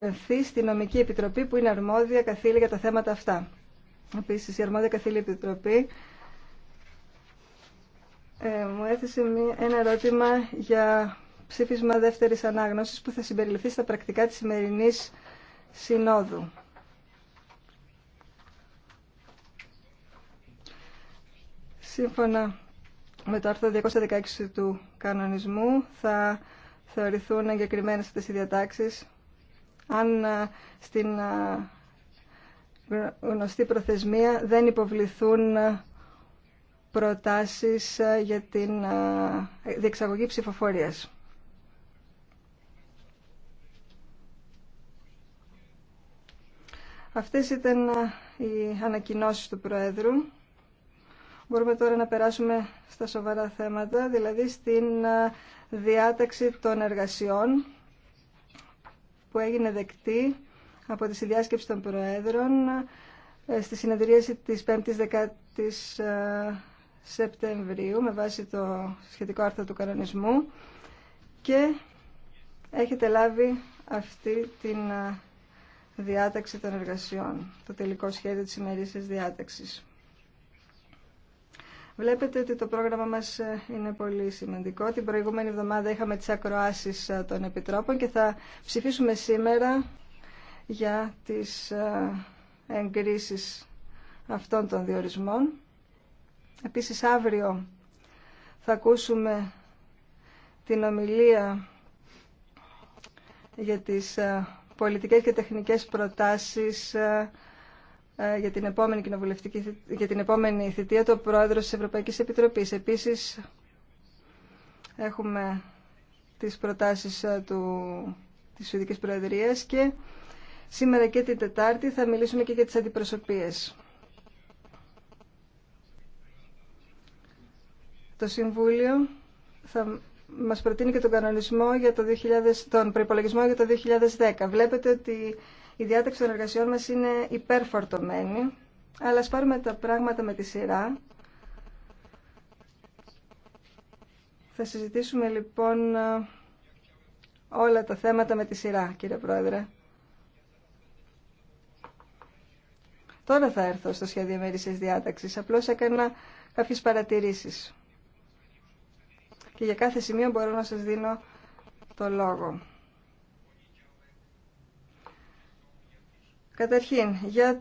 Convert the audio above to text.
ενθεί στη νομική επιτροπή που είναι αρμόδια καθήλια για τα θέματα αυτά. Επίσης, η αρμόδια καθήλια επιτροπή ε, μου έθεσε ένα ερώτημα για ψήφισμα δεύτερης ανάγνωσης που θα συμπεριληφθεί στα πρακτικά της σημερινή συνόδου. Σύμφωνα με το άρθρο 216 του κανονισμού θα θεωρηθούν εγκεκριμένες αυτές οι διατάξεις αν ε, στην ε, γνωστή προθεσμία δεν υποβληθούν ε, προτάσεις για την διεξαγωγή ψηφοφορίας. Αυτές ήταν οι ανακοινώσεις του Προέδρου. Μπορούμε τώρα να περάσουμε στα σοβαρά θέματα, δηλαδή στην διάταξη των εργασιών που έγινε δεκτή από τη συνδιάσκεψη των Προέδρων ε, στη συνεδρίαση της 5ης 10ης ε, Σεπτεμβρίου με βάση το σχετικό άρθρο του κανονισμού και έχετε λάβει αυτή την ε, διάταξη των εργασιών, το τελικό σχέδιο της ημερήσιας διάταξης. Βλέπετε ότι το πρόγραμμα μας ε, είναι πολύ σημαντικό. Την προηγούμενη εβδομάδα είχαμε τις ακροάσει ε, των Επιτρόπων και θα ψηφίσουμε σήμερα για τις ε, εγκρίσει αυτών των διορισμών. Επίση, αύριο θα ακούσουμε την ομιλία για τις πολιτικές και τεχνικές προτάσεις ε, για την επόμενη κοινοβουλευτική, για την επόμενη θητεία του Πρόεδρος της Ευρωπαϊκής Επιτροπής. Επίσης, έχουμε τις προτάσεις ε, του, της Σουηδικής Προεδρίας και σήμερα και την Τετάρτη θα μιλήσουμε και για τις αντιπροσωπείες. Το Συμβούλιο θα μας προτείνει και τον κανονισμό για το 2000, τον προϋπολογισμό για το 2010. Βλέπετε ότι η διάταξη των εργασιών μας είναι υπερφορτωμένη, αλλά ας πάρουμε τα πράγματα με τη σειρά. Θα συζητήσουμε λοιπόν όλα τα θέματα με τη σειρά, κύριε Πρόεδρε. Τώρα θα έρθω στο σχέδιο μέρησης διάταξης. Απλώς έκανα κάποιες παρατηρήσεις. Και για κάθε σημείο μπορώ να σας δίνω το λόγο. Καταρχήν, για